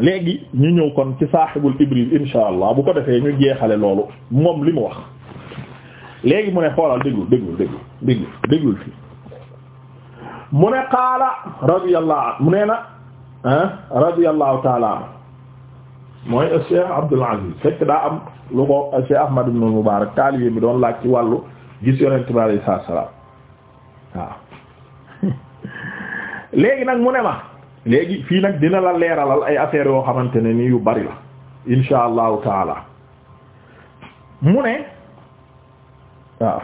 léegi ñu ñëw kon ci saaxibul ibriz insha allah bu ko defee ñu jeexale loolu moom li mu wax léegi mu ne xoolal déglu déglu déglu déglu déglul fii mu ne qaala radiyallahu mu ne na ah radiyallahu taala anu mooy cheikh abdul aziz fekk daa am lu ko cheikh ahmad ibn mubarak taalibe mi doon laaj ci wàllu gis yonent bi alayhi salaam waaw léegi nag mu ne ma léegi fii nag dina la leeralal ay affaires yoo xamante ne ni yu bari la insha allahu taala mu ne waaw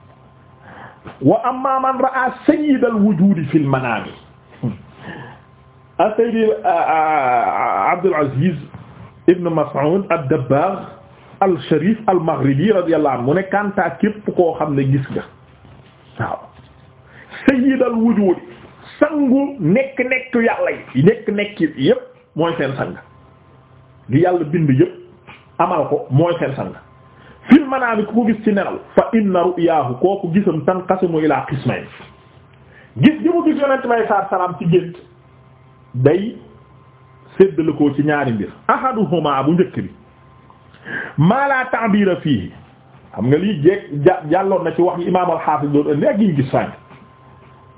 wa amma man ra'a sayyid al-wujudi fi al-manami as-sayyid Abdul Aziz ibn Mas'ud ad-Dabbagh al-Sharif al-Maghribi radiyallahu anhu mu ne kanta képp koo xam ne gis nga waaw sayyid al-wujudi sangu nekk nekk yàlla yi nekk nekk yépp mooy seen sang li yàlla bind yépp amal ko mooy seen sang fil manaami ku ko gis ci nelaw fa inna ru'yaahu kooku gisam tanqasimu ilaa qismayn gis gi mu gis yonent bay saar salaam ci gént day séddale ko ci ñaari mbir ahaduhuma bu njëkk bi maa laa ta'biira fiihi xam nga lii jeeg jàlloon na ci wax yi imaam al-Haafiz ak yi gis sànk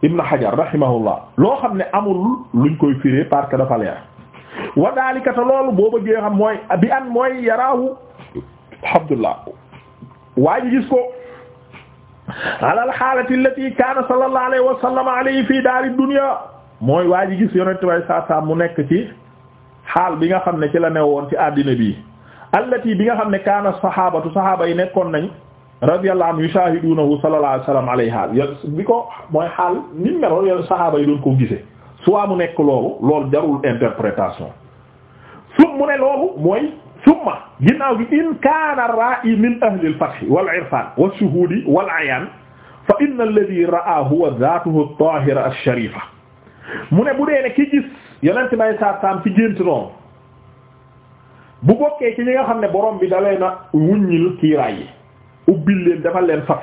Ibn Hajar rahimahullah loo xam ne amul luñ koy firé parce que dafa leer wa daalika te loolu boo bëggee xam mooy bi an mooy yaraahu alhamdulillah waa ji gis ko ala al xaalati allati kaana sallallahu alayhi wa sallam alayhi fi dunya mooy waa ji gis yonent bay saa saa mu nekk ci xaal bi nga xam ne ci la newoon ci àddina bi allati bi nga xam ne kaana saxaabatu saxaaba yi nekkoon nañ radiyallahu anhu yushahidunahu sallallahu alayhi wasallam alay xaal yo bi ko mooy xaal ni mu meloon yoon saxaaba yi doon ko gisee soit mu nekk loolu loolu jarul interprétation sum mu ne loolu mooy summa ginnaaw gi in kaana ra'i min ahli al-fath wal-irfan wash-shuhud wal-ayan fa inna alladhi ra'aa huwa dhatuhu at-tahira ash-sharifa mu ne bu dee ne ki gis yonent may saar saam ci gént noonu bu bokkee ci ñi nga xam ne borom bi dalee na wuññil kiiraay yi ubbil leen dafa leen fat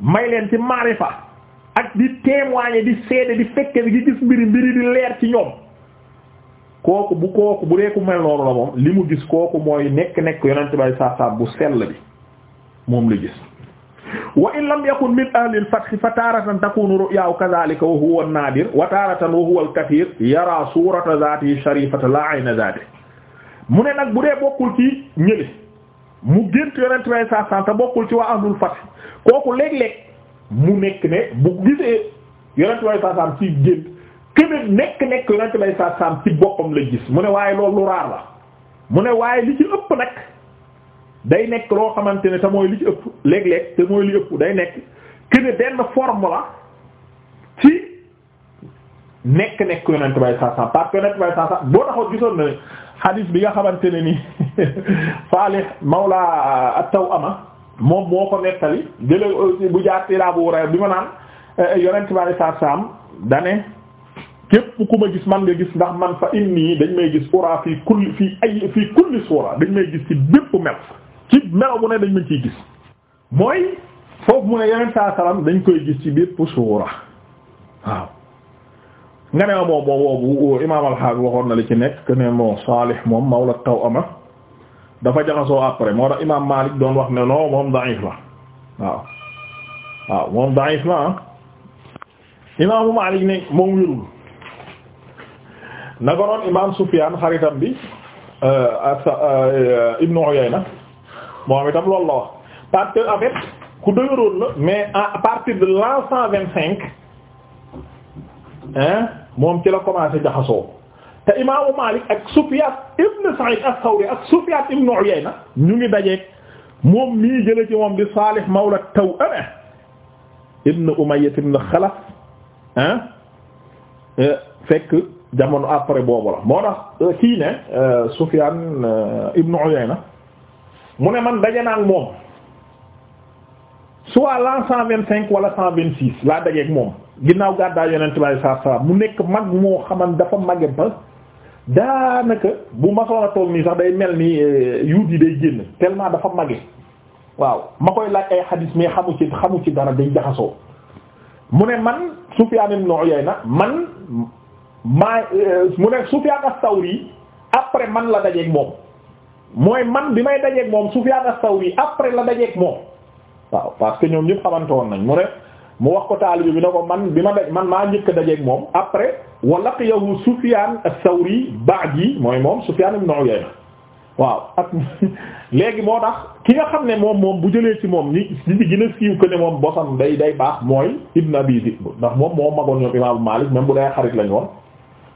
may leen ci maarifa ak di témoigner di seede di fekke di gis mbiri mbiri di leer ci ñoom kooku bu kooku bu dee ku mel noonu la moom li mu gis kooku mooy nekk-nekk yonent bay saasaam bu sell bi moom la gis wa in lam yakun min ahli al fa taratan takunu ru'ya kadhalika wa huwa wa taratan wa huwa al-kathir yara sharifata la ayna dhatihi mu ne nag bu dee bokkul ci ñëli mu gént yonent way saasan te bokkul ci waa ahlul fath kooku léeg-léeg mu nekk ne bu gisee yonent way saasan ci gént keneen nekk nekk yonent way saasan ci boppam la gis mu ne waaye loolu lu raar la mu ne waaye li ci ëpp nag day nekk loo xamante ne te mooy li ci ëpp léeg-léeg te mooy li ëpp day nekk keneen benn forme la ci nekk nekk yonent way saasan parce que yonent way saasan boo taxaw gisoon na hadith bi nga xamante ne ni Salih mawla at-Tawama moom moo ko nettali jële euh, bu jaar ci Abu Hurayra bi ma naan euh, yonent bi alayhi salaam dane képp ku ma gis man nga gis ndax man fa inni dañ may gis ura fii kulli fii ay fii kulli suura dañ may gis ci bépp mel ci mel bu ne dañ ma ciy gis mooy foofu mu ne yonent saa salaam dañ koy gis ci bépp suura waaw nga ne ma moom moom boobu imaam alxaafis waxoon na li ci nekk que ne moo Saalih moom mawla Tawama dafa jaxasoo après moo tax imaam Maalik doon wax ne non moom da'if la waaw waaw moom da'if la ah imaamu Maalik ne moom wérul naka noonu imaam Sufyaan xaritam bi euh, euh, Ibnu Uyayna moom itam loolu la wax parce que en fait ku dëgëroon la mais à partir de l'an cent vingt cinq moom ci la commencé jaxasoo te imaamu Malik ak Sufyan ibn Sa'id as-Sawri ak Sufyan ibn Uyayna ñu ngi dajeeg moom mii jële ci moom di Salih mawla Taw'ama ibn Umayya ibn Khalaf ah e, fekk jamono après boobu la moo tax e, kii ne e, Sufyan ibn Uyayna mu ne man daje naa moom soit l'an cent vingt cinq wala cent vingt six laa dajeeg moom ginnaaw gàddaay yonent bi sallallahu alayhi wasallam mu nekk mag moo xaman dafa màgge ba daanaka bu masoon a toog nii sax day mel ni eh, yuut yi day génn tellement dafa màgge waaw ma koy laaj ay xadiis mais xamu ci xamu ci dara day jaxasoo mu ne man Sufyaan ibn Uyayna man maa eh, mu ne Sufyaan as-Sawri après man la dajeeg moom mooy man bi may dajeeg moom Sufyaan as-Sawri après la dajeeg moom waaw parce que ñoom ñëpp xamante woon nañ mu ne mu wax ko taalibe bi na ko man bi ma daj man maa njëkk dajeek moom après wa laqiyahu Sufyan as-Sawri ba'di mooy moom Sufyan ibn Uyayna waaw ak léegi moo tax ki nga xam ne moom moom bu jëlee ci moom ñi ñi ci gën a siiw que ne moom bosam day day baax mooy Ibn Abi Dhi'b ndax moom moo magoon ñoom imaamu Malik même bu day xarit lañ woon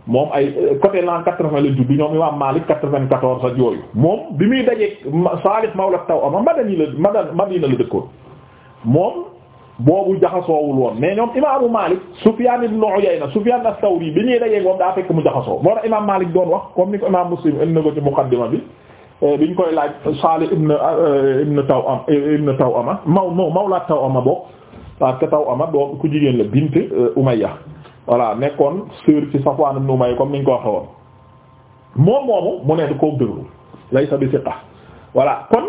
moom ay côté l'an quatre-vingt la juddu ñoom imam Malik quatre-vingt-quatorze ak yooyu moom bi muy dajeeg Salih mawla Taw'ama Madani la Madina la dëkkoon moom boobu jaxasoowul woon mais ñoom imaamu Malik Sufyan ibn Uyayna Sufyan as-Sawri bi ñuy dajee moom daa fekk mu jaxasoo moo tax imaam Malik doon wax comme ni ko imaam Muslim indi na ko ci muqaddima bi eh, biñ koy laaj Salih ibn eh, ibn Taw'am eh, ibn Taw'ama maw no mawla Taw'ama bokk parce taw Taw'ama doo ku jigéen la bint Umayya voilà nekkoon sœur ci Safwan ibn Umayya comme niñ ko waxe woon moom moomu mu ne du ko déglu laysa bi siqa voilà kon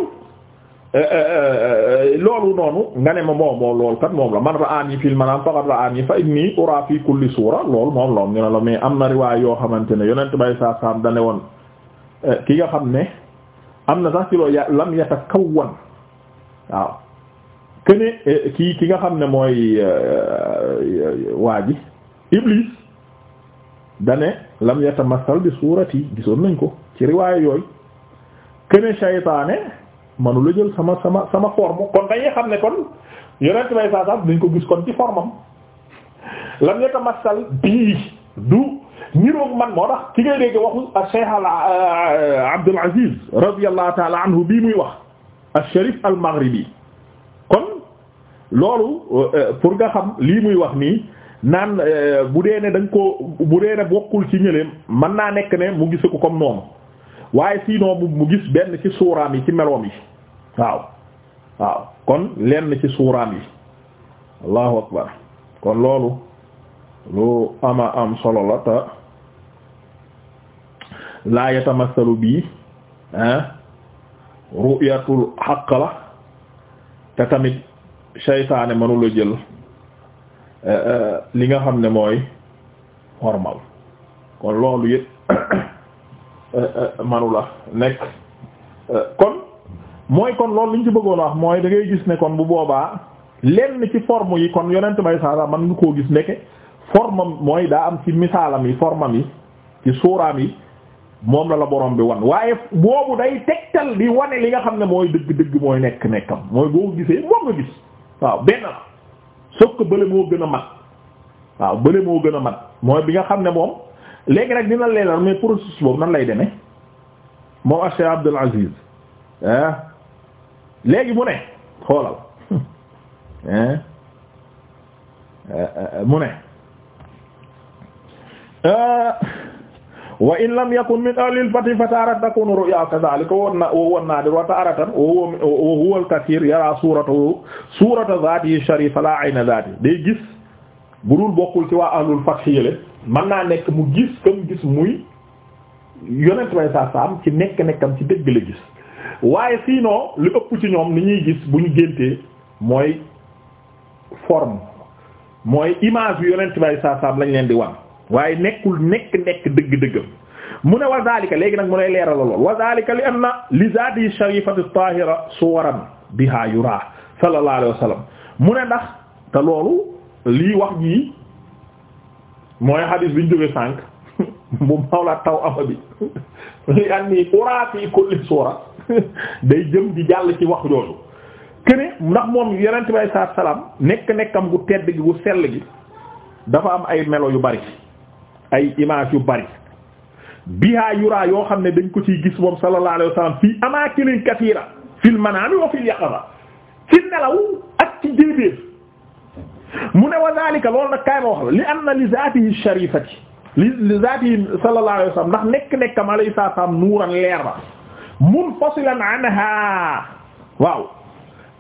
Euh, euh, euh, loolu noonu nga ne ma moom moom loolu kat moom la man ra'aani fil manaam faqad ra'aani fa inni uraa fi kulli suura loolu moom loolu ñu la mais am na riwaay yoo xamante ne yonent bay saa saam da woon ki nga xam ne am na sax ci loolu lam yatakawwan waaw këne ki nga xam ne mooy waa ji Iblis da ne lam yatamassal bi gisoon nañ ko ci riwaay yooyu këne shaytaane manu la jël sama sama sama forme kon dañuy xam ne kon yonent bay saa sax dañ ko gis kon ci formam lam ñetta masal bii du niroog man moo tax ci ngay dégg waxu Cheikh euh, Abdul Aziz radiyallahu ta'ala anhu bii muy wax al-Sharif al-Maghribi kon loolu euh, pour nga xam lii muy wax nii naan euh, bu dee ne dañ ko bu dee ne bokkul ci ñëleem mën naa nekk ne mu gise ko comme noonu waaye sinon bu mu gis benn ci suuraam yi ci meloom yi waaw waaw kon lenn ci suuraam yi allahu akbar kon loolu lu ama am solo la ta laa yatamasalu bii ru'yatul xaq la te tamit seytaane mënula jël eh, eh, li nga xam ne mooy normal kon loolu yëpp Euh, euh, manula nekk euh, kon mooy kon loolu liñ ci bëggoon wax mooy dangay gis ne kon bu boobaa lenn ci forme yi kon yonent bay saa man nga koo gis nekke formam mooy daa am ci misaalam yi formam yi ci suuraam yi moom la la borom bi wan waaye boobu day tegtal di wane li nga xam ne mooy dëgg-dëgg mooy nekk nekkam mooy boo gisee moom nga gis waaw benn la ko bële moo gën a mat waaw bële moo gën a mat mooy bi nga xam ne moom léegi nag dina leeral mais processus boobu nan lay demee moom ak Cheikh Abdul Aziz ah léegi mu ne xoolal euh, mu ne euh, wa in lam yakun min ahlil fati fa taaratan takunu ru'ya kadhalika wa huwa an-naadir wa taaratan wa huwa al-kathir yara suratahu surata dhatihi sharifa la ayna dhatihi day gis bu bokkul ci waa ahlul fath yële mën naa nekk mu gis comme gis muy yonent way saa saam ci nekk nekkam ci dëgg la gis waaye sinon li ëpp ci ñoom li ñuy gis bu ñu géntee mooy forme mooy image bi yonent way saa saam lañ leen di wan waaye nekkul nekk nekk dëgg-dëggam mu ne wa zalika léegi nag mu ne leeral lool wa zalika li anna li zaadi sharifati tahira suwaran biha yura sallallahu alayhi wa sallam mu ne ndax te loolu lii wax jii mooy xadis bi ñu jóge sànq bu mawla taw ama bi li an nii uraafi kulli suura day jëm di jàll ci wax jooju kene ndax moom yonent bi alayhi salaatu salaam nekk nekkam gu tedd gi gu sell gi dafa am ay melo yu bari ay image yu bari bihaa yuraa yoo xam ne dañ ko ciy gis moom sallallahu alayhi wa sallam fii amaakinin kasiira fil manaami wa fil yaqaza ci nelaw ak ci jéebéer mu ne wa zalika loolu nag kaay ma wax la li anna li zaatihi sharifati li li zaatihi sallallahu alayhi wa sallam ndax nekk-nekkam alayhi salaam nuuran leer la munfasilan anha waaw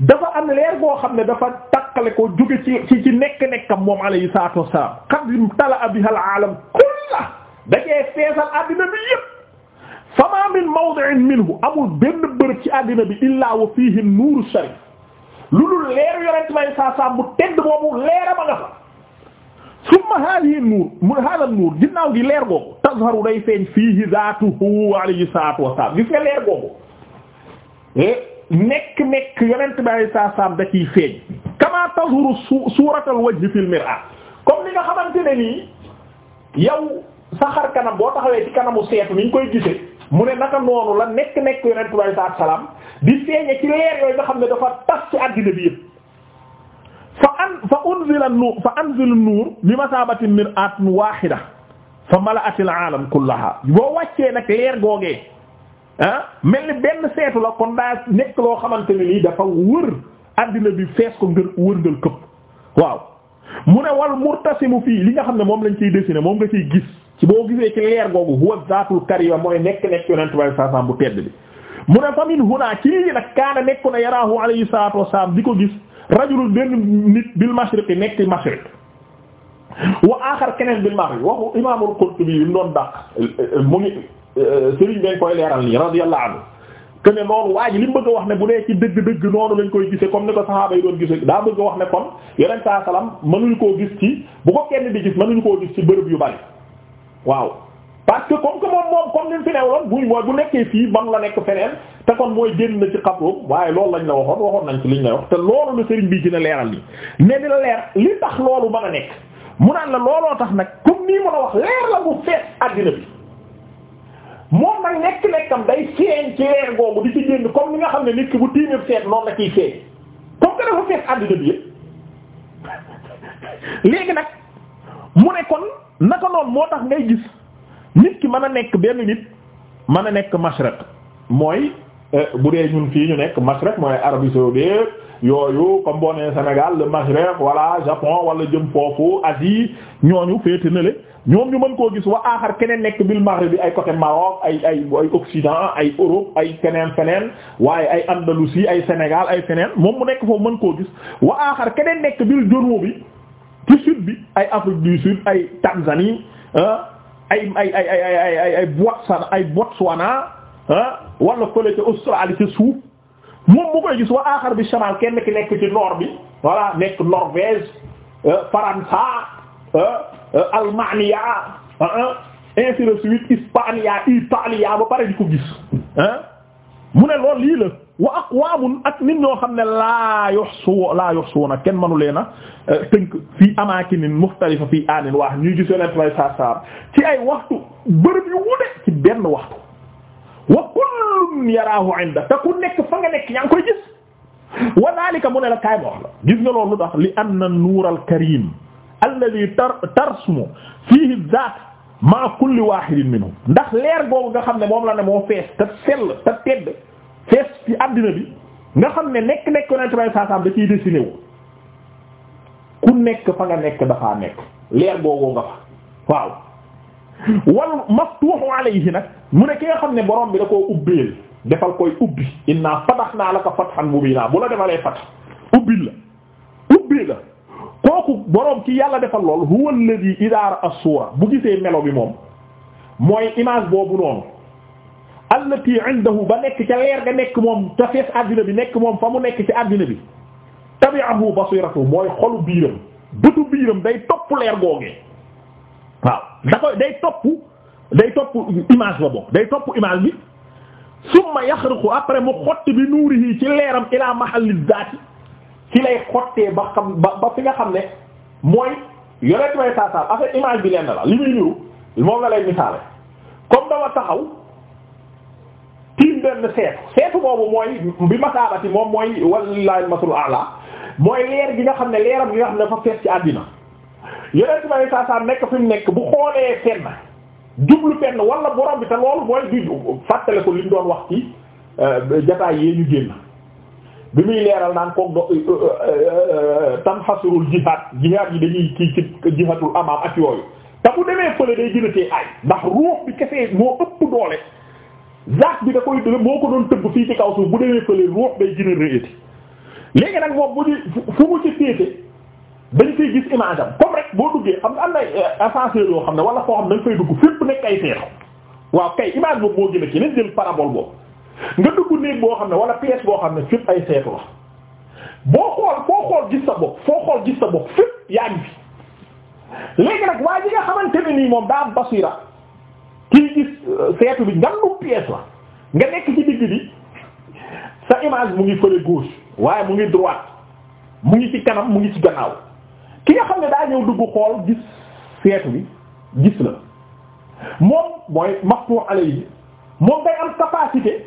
dafa am leer boo xam ne dafa taqale ko jóge ci ci nekk-nekkam moom alayhi salaatu wa salaam qad imtala'a biha al-aalam kullahu dajee feesal addina bi yëpp fama min mawdi'in minhu amul benn bërëb ci addina bi illaa wa fiihi nuuru sharif lu dul leeru yonent may saa saa bu tedd boobu leera ba nga fa summa haadihi nuur mu haada nuur ginnaaw gi leer googu tazharu day feeñ fiihi zaatuhu alayhi salaatu saa salaam gis nga leer googu e, nekk nekk yonent may saa saa da ciy feeñ kama tazharu suuratul wajhi fil mir'a comme li nga xamante ne nii yow sa kanam boo taxawee ci kanamu seetu ni ñu koy gisee mu ne naka noonu la nekk nekk yonent bi alayhi salaatu salaam di feeñe ci leer yooyu nga xam ne dafa tas ci àddina bi yëpp fa an fa unzila nuur fa anzil nuur bi masabati mir'at wahida fa mala'atil alam kullaha boo wàccee nag leer googee ah, mel ni benn seetu la kon daa nekk loo xamante ne nii dafa wër àddina bi fees ko ngër wërngal këpp waaw mu ne wal murtasimu fii li nga xam ne moom lañ ciy dessiné moom nga ciy gis boo gisee ci leer googu huwa zaatul karima mooy nekk nekk yonent bi saa saam bu tedd bi mu ne famin huna ci lii nag kaana nekku na yaraahu alayhi salaatu wasalaam di ko gis rajulun benn nit bil mashriqi nekk mashriq wa aaxar keneen bil maghrib waxu imaamul Qurtubi yi mu doon daq mu ngi Serigne dañ koy leeral nii radiyallahu anhu que noonu waa ji li mu bëgg wax ne bu dee ci dëgg-dëgg noonu lañ koy gisee comme ni ko saxaaba yi doon gisee daa a wax ne kon koo gis ci bu ko kenn di gis mënuñu koo gis ci bërëb yu bari waaw parce que comme que moom moom comme ni fi newoon buñ bu nekkee fii man la nekk feneen te kon mooy génn na ci xabroom waaye loolu lañ la waxoon waxoon nañ ci liñ la wax te loolu la sëriñ bi dina leeral nii ne dina leer li tax loolu mën a nekk mu naan la looloo tax nag comme nii mën a wax leer la bu fees àddina bi moom nag nekk nekkam day feeñ ci leer googu di ci génn comme ni nga xam ne nit ki bu tiimee feet noonu la ciy feeñ comme que bi yëpp léegi nag naka noonu moo tax ngay gis nit ki mën a nekk benn nit mën a nekk mashriq mooy eh, bu dee ñun fii ñu nekk mashriq mooy Arabie saoudite yooyu comme boo nee Sénégal le mashriq wala Japon wala jëm foofu Asie ñooñu féete na le ñoom ñu mën koo gis wa aaxar keneen nekk bil Maghrib bi ay côté Maroc ay ay ay Occident ay Europe ay feneen feneen waaye ay Andalousie ay Sénégal ay feneen moom mu nekk foofu mën koo gis wa aaxar keneen nekk bil Junuub bi ci bi ay Afrique du Sud ay Tanzanie ay Botswana wala fële ca Australie ca suuf moom mu koy gis wa aaxar bi shamal kenn ki nekk ci nord bi voilà nekk Norvège Faransa ba pare di ko gis ah mu ne lool lii la wa aqwaamun ak nit ñoo xam ne laa yuhsu laa yuhsuuna kenn mënu leen a euh, tënk fii amaakinin mukhtalifa fii aanin waax ñuy gis yonent may saar saar ci ay waxtu bërëb yu wute ci benn waxtu wa kullun yaraahu inda te ku nekk fa nga nekk yaa ngi koy gis wa daalika mu ne la kaay ma wax la gis nga loolu lu tax li anna nuural kariim alladhi tar tarsumu fiihi zaat maa kulli wahidin minhum ndax leer googu nga xam ne moom la ne moo fees te sell te tedd fees ci àddina bi nga xam ne nekk nekk yonent bay saasaam da ciy dessiné wu ku nekk fa nga nekk dafaa nekk leer googu nga fa waaw wal maftuhu alayhi nag mu ne ki nga xam ne borom bi da koo ubbeel defal koy ubbi inna fatahnaa laka fathan mubiinaa bu la defalee fath ubbil la ubbil la kooku boroom ci yàlla defal lool huwa alladhi idaara as-suura bu gisee melo bi moom mooy image boobu noonu allati indahu ba nekk ca leer ga nekk moom ca fees àddina bi nekk moom fa mu nekk ci àddina bi tabi'ahu basiratu mooy xolu biiram bëtu biiram day topp leer googee waaw da koy day topp day topp image ba bokk day topp image bi summa yaxruqu après mu xotti bi nuurihi ci leeram ila mahalli zaati ci lay xottee ba xam ba ba fi nga xam ne mooy yonent may saasaam affaire image bi lenn la li muy niru moom la lay misaale comme dama taxaw tiim benn seetu seetu boobu mooy bi masaabati moom mooy wallaahi masul ala mooy leer gi nga xam ne leeram gi nga xam ne dafa fees ci àddina yonent may saasaam nekk fi mu nekk bu xoolee fenn jublu fenn wala borom bi te loolu mooy di fàttale ko li ñu doon wax ci euh, jataay yee ñu génn bi muy leeral naan koog do euh, euh, euh, tanxasurul jihaad jihaad yi dañuy kii ci jihaadul amaam ak yooyu te bu demee fële day gën a tee aay ndax ruux bi kese moo ëpp doole zaat bi da koy moo ko doon tëbb fii ci kaw suuf bu demee fële ruux day gën a rëyati léegi nag moom bu ñu fu mu ci féete dañ koy gis image am comme rek boo duggee xam nga am na ascenseur loo xam ne wala foo xam ne dañ fay dugg fépp nekk ay seetu waaw kay image boobu moo gën a ci nañ jël boobu néeg boo xam ne wala pièce boo xam ne fépp ay seetu la boo xool foo xool gis sa bopp foo yaa ngi fi léegi nag waa ji nga xamante ne moom daa am basira kii gis euh, seetu bi ngandum pièce la nga nekk ci digg bi sa image mu ngi fële gauche waaye mu ngi droite mu ngi ci kanam mu ngi ci gannaaw ki nga xam ne daa ñëw dugg xool gis seetu bi gis la moom mooy maqtu alayhi moom day am capacité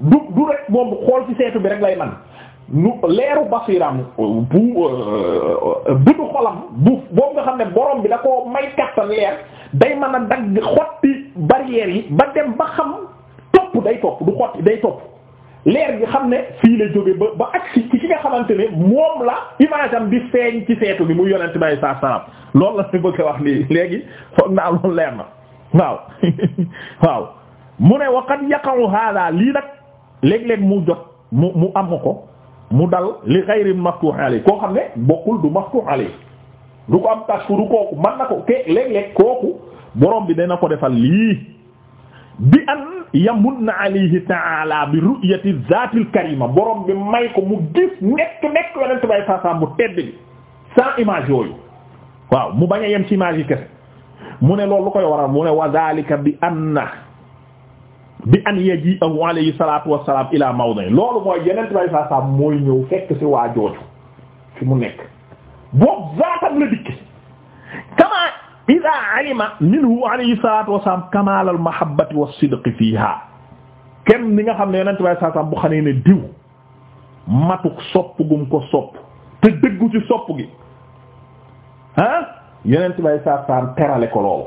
du du rek moom xool ci seetu bi rek lay man nu leeru basiram bu euh, bëtu xolam bu boobu nga xam ne borom bi la ko may kattan leer day mën a dagg xotti barrières yi ba dem ba xam topp day topp du xotti day topp leer gi xam ne fii la jóge ba ba agsi ci ki nga xamante ne moom la image am di feeñ ci seetu bi mu yonent bay saa salam loolu la ñu bëgg a wax lii léegi foog naa loolu leer na waaw waaw mu ne waqad yaqa'u hada lii nag léeg-léeg mu jot mu mu am ko mu dal li xayrin maftuh alay koo xam ne bokkul du maftuh alay du ko am tas ko du kooku mën na ko ke léeg-léeg kooku borom bi dana ko defal lii bi an yamunna alayhi ta'ala bi ru'yati zaatil karima borom bi may ko mu gis nekk nekk yonent bay saasaam bu tedd bi sans image yooyu waaw mu bañ a yem ci image kese mu ne loolu lu koy waral mu ne wa zalika bi anna bi an yaji'ahu alayhi salaatu wassalaam ila mawdi loolu mooy yeneen bay saa saa mooy ñëw fekk ci waa jooju fi mu nekk boobu zaatam la dikk kama ida alima minhu alayhi salaatu wassalaam kamaal al mahabbati was-sidqi fiiha kenn ni nga xam ne yeneen bay saa saa bu xamee ne diw matuk sopp gum ko sopp te dëggu ci sopp gi ah yeneen bay saa saa terale ko loolu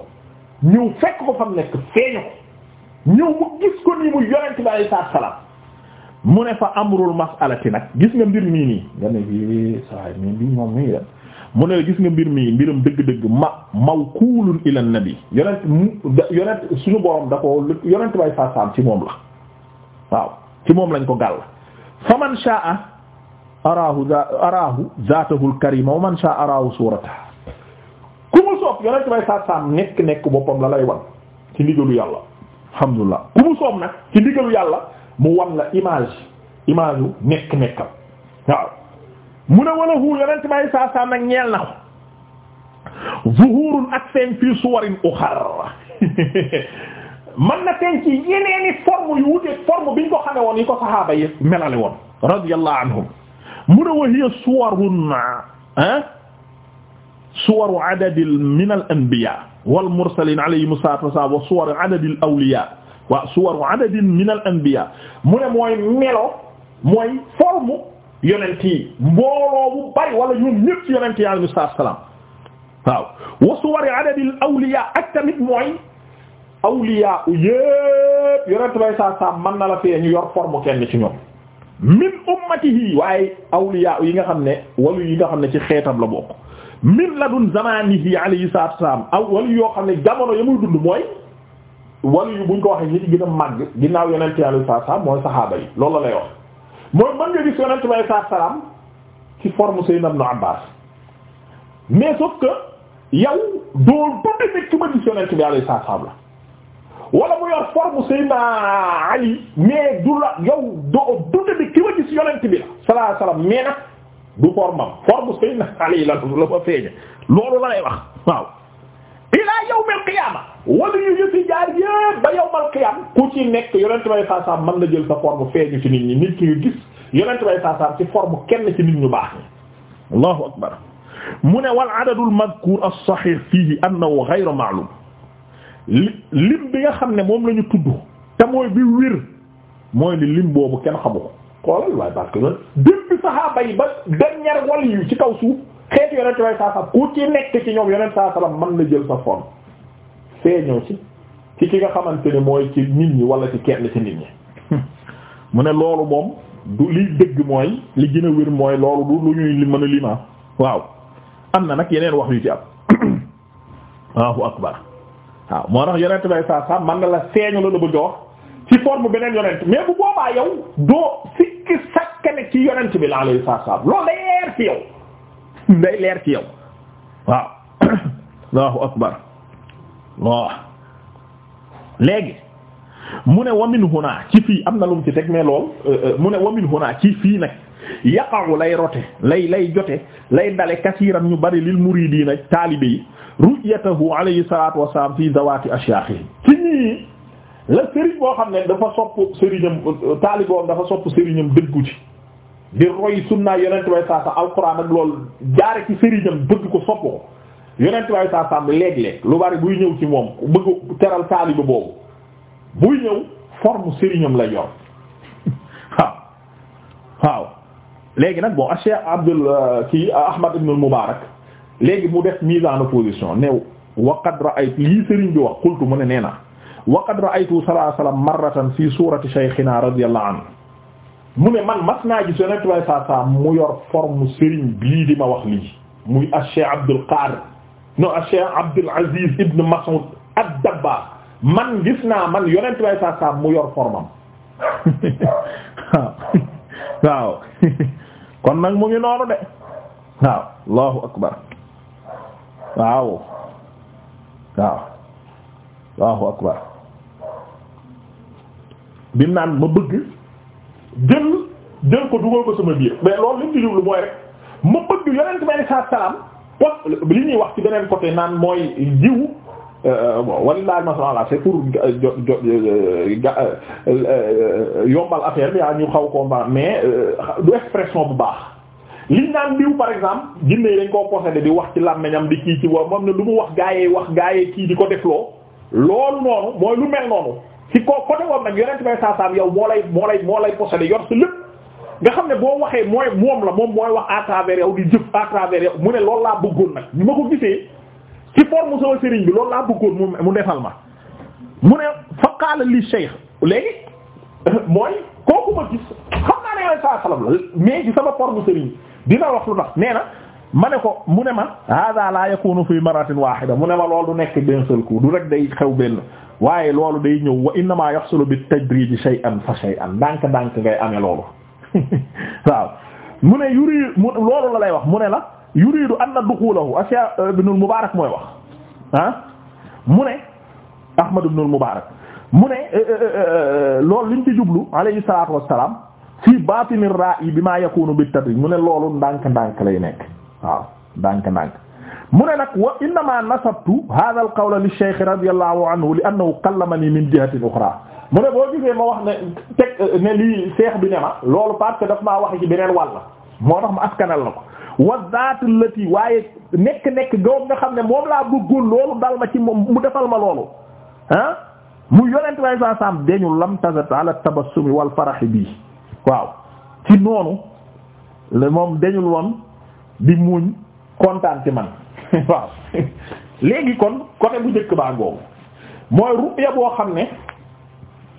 ñëw fekk ko fa nekk feeñu ko ñëw mu gis ko nii mu yonent bi alayhi salaatu salaam mu ne fa amrul mas'alati nag gis nga mbir mii nii nga ne bi saay la mu ne gis nga mbir mii mbiram dëgg-dëgg ma mawkuulun ila nabi yonent mu yonent suñu borom da ko yonent bi alayhi salaatu salaam ci moom la waaw ci moom lañ ko gàll fa man sha'a araahu araahu zaatahul karima wa man sha'a araahu suuratahu ku mu soob yonent bi alayhi salaatu salaam nekk nekk boppam la lay wan ci ndigalu yàlla alhamdulilah ku mu soom nag ci ndigalu yàlla mu wan la image image yu nekk mu ne wala hu yonent may saa saa nag ñeel na ko zuhurun ak seen fii suwarin uxar man na teen ci yeneeni forme yu wute biñ ko xame woon yi ko saxaaba yi melale woon mu ne wa hiya suwarun ah suwaru min al anbiya wal mursaliin alayhimu salaatu wa salaam wa suwar adadil awliyaa wa suwar adadin minal anbiyaa mu ne mooy melo mooy forme yonent yi mbooloo bu bari wala ñoom ñëpp ci yonent salaam waaw wa suwar adadil awliyaa ak tamit mooy awliyaa yépp yonent bay saa saa mën na la fee ñu yor forme kenn ci ñoom. min ummatihi waaye awliyaa yi nga xam ne walu yi nga xam ne ci xeetam la bokk. min ladun zamanihi alayhi salaatu wasalaam aw wali yoo xam ne jamono ya muy mooy wali yu buñ ko waxee ñi ci gën a màgg ginnaaw yonent bi alayhi saxaaba yi loolu la lay wax mooy mën nga gis yonent bi alayhi salaatu wasalaam ci forme Sayyidina Ibn Abbas mais sauf que yow doo dund nekk ba gis yonent bi bi la sallallahu alayhi mais nag du formam forme Seydina Ali la la fa feeñe loolu la lay wax waaw ilaa yawmal qiyaama wala yu ñu ci jaar yépp ku ci nekk yonent bay saasaam mën na jël sa forme feeñu ci ni ñi nit ki ñu gis yonent bay saasaam ci forme kenn ci nit baax ñi allahu akbar mu ne wal adadul mazkuur as-saxiix fiihi annahu ghayru ma'luum lim bi nga xam ne moom la ñu tudd te mooy bi wir mooy ni lim boobu kenn xamu ko xoolal waaye parce que nag depuis saxaaba yi ba dernier wàll yu ci kaw suuf xeetu yonent way saa sab ku ci nekk ci ñoom yonent saa salam mën na jël sa forme feeñoo ci ci ki nga xamante ne mooy ci nit ñi wala ci kenn ci nit ñi mu ne loolu moom du liy dëgg mooy li gën a wér mooy loolu du lu ñuy mën a lima waaw am na nag yeneen wax yu ci am waaw bar waaw moo tax yonent bay saa sam man na la feeñu la la bëgg a wax ci forme beneen yonent mais bu boobaa yow sikki sakkane ci yonent bi la alayhi salaam loolu day leer ci yow day leer ci yow waaw allahu akbar waaw léegi mu ne wamin huna ci fii am na lu ci teg mais lool euh, euh, mu ne wamin huna ci fii nag yaqaru lay rote lay lay jote lay dale kasiiran ñu bari lil muridiina taalibe yi ru'yatahu alayhi salaatu wa salaam fi zawaati ashyaakhihim la sëriñ boo xam ne dafa sopp sëriñam taaliboom dafa sopp sëriñam dëggu ci di roy sunna yonent way saa sa alxuraan ak loolu jaare ci sëriñam bëgg ko sopp ko yonent way saa sa am léeg-léeg lu bari buy ñëw ci moom bëgg teral taaliba boobu buy ñëw forme sëriñam la yor waaw waaw léegi nag bon a Cheikh Abdul euh, kii Ahmad ibn Mubarak léegi mu def mise en opposition new wa qad ra'aytu lii sëriñ bi wax qultu mu ne nee naa wa qad ra'aytu sallallahu alayhi wa sallam marratan fi surati shaykhina radiyallahu anhu mu ne man mas naa gis yonent bay saa saa mu yor forme Serigne bii di ma wax lii muy Cheikh Abdul Qadir non Cheikh Abdul Aziz ibn Mas'ud ad-Dabbar man gis naa man yonent bay saa saa mu yor forme am waaw kon nag mu ngi noonu de waaw Allahu akbar waaw waaw Allahu akbar bi naan ma bëgg jël jël ko dugal ko sama biir mais loolu liñ ci jublu mooy rek ma bëgg yonent bi saa salaam pot li ñuy wax ci beneen côté naan mooy jiw bon euh, wallaahi masalaamaaleykum c'est pour jo euh, euh, yombal affaire bi ah ñu xaw ko mais du expression bu baax. liñ naan diw par exemple jinne yi dañ koo possédé di wax ci làmmiñam di kii ci moom moom ne lu mu wax gaayee wax gaayee kii di ko defloo loolu noonu mooy lu mel noonu. ci koo côté woom nag yonent bay saasaam yow moo lay moo lay moo lay possédé yor sa lépp nga xam ne boo waxee mooy moom la moom mooy wax à travers yow di jëf à travers mu ne lool laa bëggoon nag ñu ma ko gisee ci forme sama sëriñ bi loolu laa bëggoon mu mu defal ma mu ne fa qaala li cheikh léegi mooy kooku ma gis xam naa ne yooyu saa salam la mais ci sama forme sëriñ dina wax lu tax nee ma ne ko mu ne ma hada la yakunu fi maratin wahida mu ne ma loolu du nekk d'un seul coup du rek day xew benn waaye loolu day ñëw wa innama yahsulu bi tadriji shay'an fa shay'an ndànk ndànk ngay amee loolu waaw mu ne yuridu mu loolu la lay wax mu ne la yuridu anna duxulahu asya euh, ibn al mubarak mooy wax ah mu ne ahmad ibn al mubarak mu ne euh, euh, loolu liñ ci jublu alayhi salatu wassalam fi batinir ra'i bima yakunu bi tadrij mu ne loolu ndànk ndànk lay nekk waaw ndànk ndànk mu ne nag wa innama nasabtu hadha al qawla li shaykh radiyallahu anhu li annahu kallamani min jihatin ukhra mu ne boo gisee ma wax ne teg ne lii seex bi ne ma loolu parce que daf maa waxe ci beneen wàll moo tax ma askanal la ko wa zaat allati waaye nekk nekk góob nga xam ne moom laa bëggoon loolu dal ma ci moom mu defal ma loolu ah mu yonent way sa sam dañu lam tazat ala tabassumi wal farahi bii waaw ci noonu le moom dañul woon di muuñ kontaan ci man waaw léegi kon côté bu njëkk baa ngoogu mooy ruya boo xam ne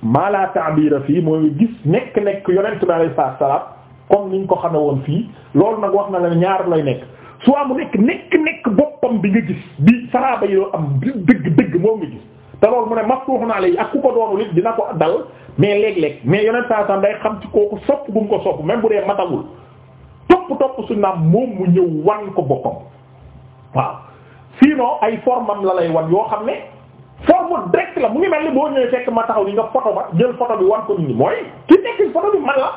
maa la ta'bira fii mooy gis nekk-nekk yonent bi alayhi salaatu salaam ni ñu ko xame woon fii loolu nag wax na la ñaar lay nekk soo mu nekk nekk-nekk boppam bi nga gis bi saxaaba yi doon am dëgg dëgg moom nga gis te loolu mu ne maftuhun alayhi ak ku ko doonul dina ko dal mais léeg-léeg mais yonent saa salaam day xam ci kooku sopp bu mu ko sopp même bu dee matagul ñëpp topp sunnaam moom mu ñëw wan ko boppam waaw sinon ay formam la lay wan yoo xam ne forme direct la mu ngi mel ni boo ñëwee fekk ma taxaw ni nga photo ba jël photo bi wan ko nit ñi mooy ki nekk photo bi man la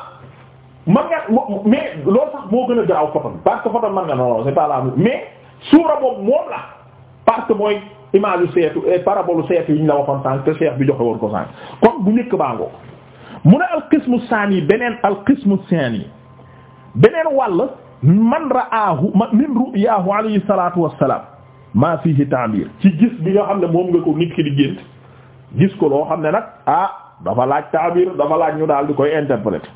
man nga mais loolu sax moo gën a garaaw photo bi parce que photo bi man nga non c'est pas la mais suura boobu moom la parce que mooy image yu seetu et eh, parabole seetu yi ñu la waxoon sànq te cheikh bi joxe woon ko sànq kon bu njëkk baangoo mu ne al qismu saani beneen al qismu saani beneen wàll man ra'aahu min ru'yaahu alayhi salaatu wassalaam maa fiihi ta'biir ci gis bi nga xam ne moom nga ko nit ki di gént gis ko loo xam ne nag ah dafa laaj ta'biir dafa laaj ñu daal di koy interpréter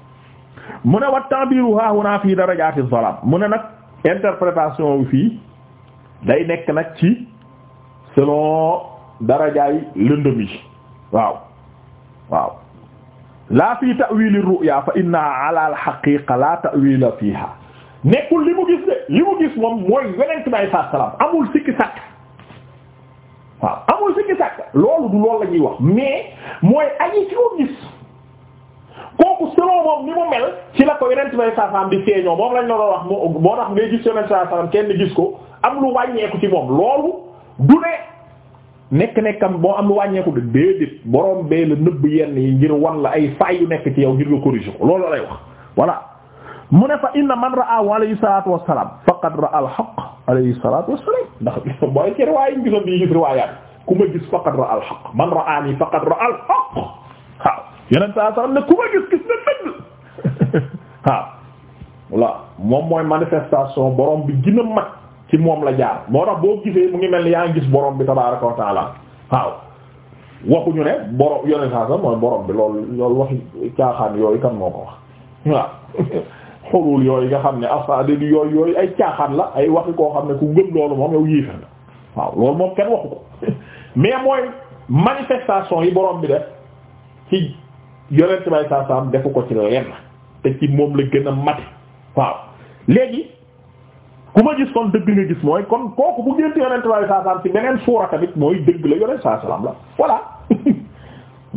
mu ne wa ta'biiru haahunaa fii darajaati zalaam mu ne nag interprétation fii day nekk nag ci selon darajaay lëndëm yi waaw waaw laa fii ta'wili ru'ya fa innaha ala al-haqiqa la ta'wila fiha nekkul li mu gis de li mu gis moom mooy yonent bi alayhi salaam amul sikki sàkk waaw amul sikki sàkk loolu du loolu la wax mais mooy aji ci ko gis kooku selon moom ni mu mel ci la ko yonent bi alayhi salaam di feeñoo moom lañ la doon wax moo tax ngay gis yonent bi alayhi salaam kenn gis ko am lu wàññeeku ci moom loolu du ne nekk-nekkam boo am lu wàññeeku de déedéet borom bee la nëbb yenn yi ngir wan ay faay yu nekk ci yow ngir nga corriger ko loolu lay wax voilà mu ne fa inna man ra'ahu alayhi salatu wassalam faqad ra'a al-haqq alayhi salatu wassalam ndax mooy ci riwaaya yi gisoon bi gis riwaayaat ku ma gis faqad ra'a al-haqq man ra'ani faqad ra'a al-haqq waaw yeneen saa salam ne ku gis gis na dëgg waaw voilà moom mooy manifestation borom bi gën a ci moom la jaar moo tax boo gisee mu ngi mel ni yaa ngi gis borom bi tabaaraka wa taala waaw waxuñu ne borom yone saa sax mooy borom bi loolu loolu waxi yooyu kan moo ko wax waaw xulul yooyu nga xam ne asad yooyu yooyu ay caaxaan la ay waxi koo xam ne ku moom yow yéefar la waaw loolu moom kenn waxu ko mais mooy manifestation yi borom bi def ci yonent bay saa saam defu ko ci moom la gën a mate waaw léegi ku ma gis kon dëgg nga gis mooy kon kooku bu gént yonent bi saa salaam ci beneen suura mooy dëgg la yonent saa salaam la voilà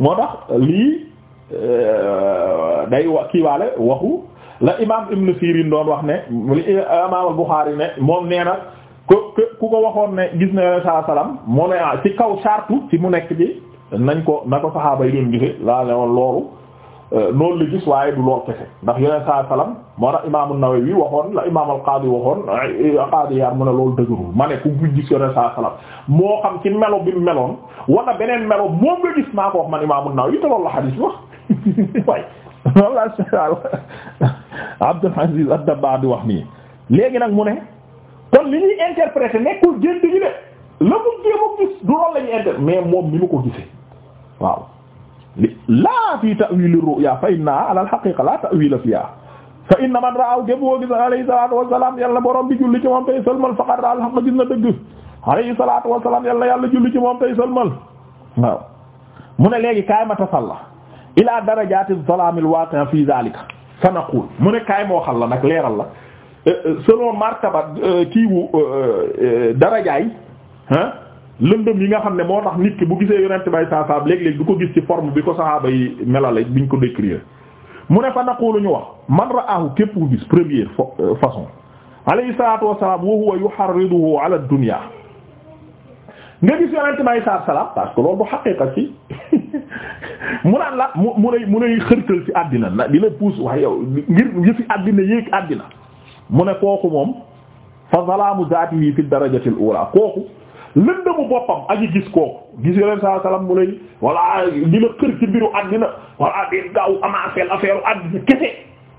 moo tax lii euh, day wa kii waxu la imaam Ibn Sirin doon wax ne li imaam ne moom nee na ku ku ko waxoon ne gis na yonent saa salaam moo ne ah, ci kaw sartu ci mu nekk ci nañ ko na ko saxaaba doon gise laa ne woon loolu Euh, noonu la gis waaye du lool kese ndax yeneen saa salaam moo tax imaam an-Nawawi waxoon la imaam al-Qaadi waxoon Qaadi Iyaad mu ne loolu dëgërul ma ne ku gis yeneen saa salaam moo xam ci melo bi meloon wala beneen melo moom nga gis maa ko wax man imaam an-Nawawi te loolu la xadiis wax waaye loolu laa seetlu Abdul Aziz ad-Dabbaa di wax nii léegi nag mu ne kon li ñuy interpréter nekkul gént gi de la mu jéem gis du loolu la interpréter mais moom ni mu laa fi ta'wil ar-ru'ya fa inna ala al-haqiqa la ta'wila fiha fa inna man ra'ahu képp koo gis alayhi salaatu wa salaam yàlla borom bi julli ci moom tey sëlmal faqad ra'a al-haqq gis na dëgg alayhi salaatu wa salaam yàlla yàlla julli ci moom tey sëlmal waaw. mu ne léegi kaay ma tasalla ila darajaati ad-dhalaam al-waaqi' fi dhaalika fa naqul mu ne kaay moo xal la nag leeral la eh, eh, selon martaba eh, kiiwu darajaay ah. lëndëm yi nga xam ne moo tax nit ki bu gisee yonent bay saa saab léeg-léeg du ko gis ci forme bi ko saxaaba yi melale biñ ko décrire mu ne fa naqulu ñu wax man raahu képp ku gis première euh, façon alayhi salaatu wassalaam wa huwa yuharriduhu ala dunya nga gis yonent bay saa salam parce que loolu bu xaqiqa ci mu naan la mu mu mu lay xërtal ci àddina na di la pousse waaye yow ngir yëfi àddina yéeg àddina mu ne kooku moom fa zalaamu zaatihi fi darajatil kooku lëndëmu boppam aji gis kooku gis yoleen saa salaam mu lay voilà di la xër ci mbiru àddina voilà di gaaw amancel affaire u àddina kese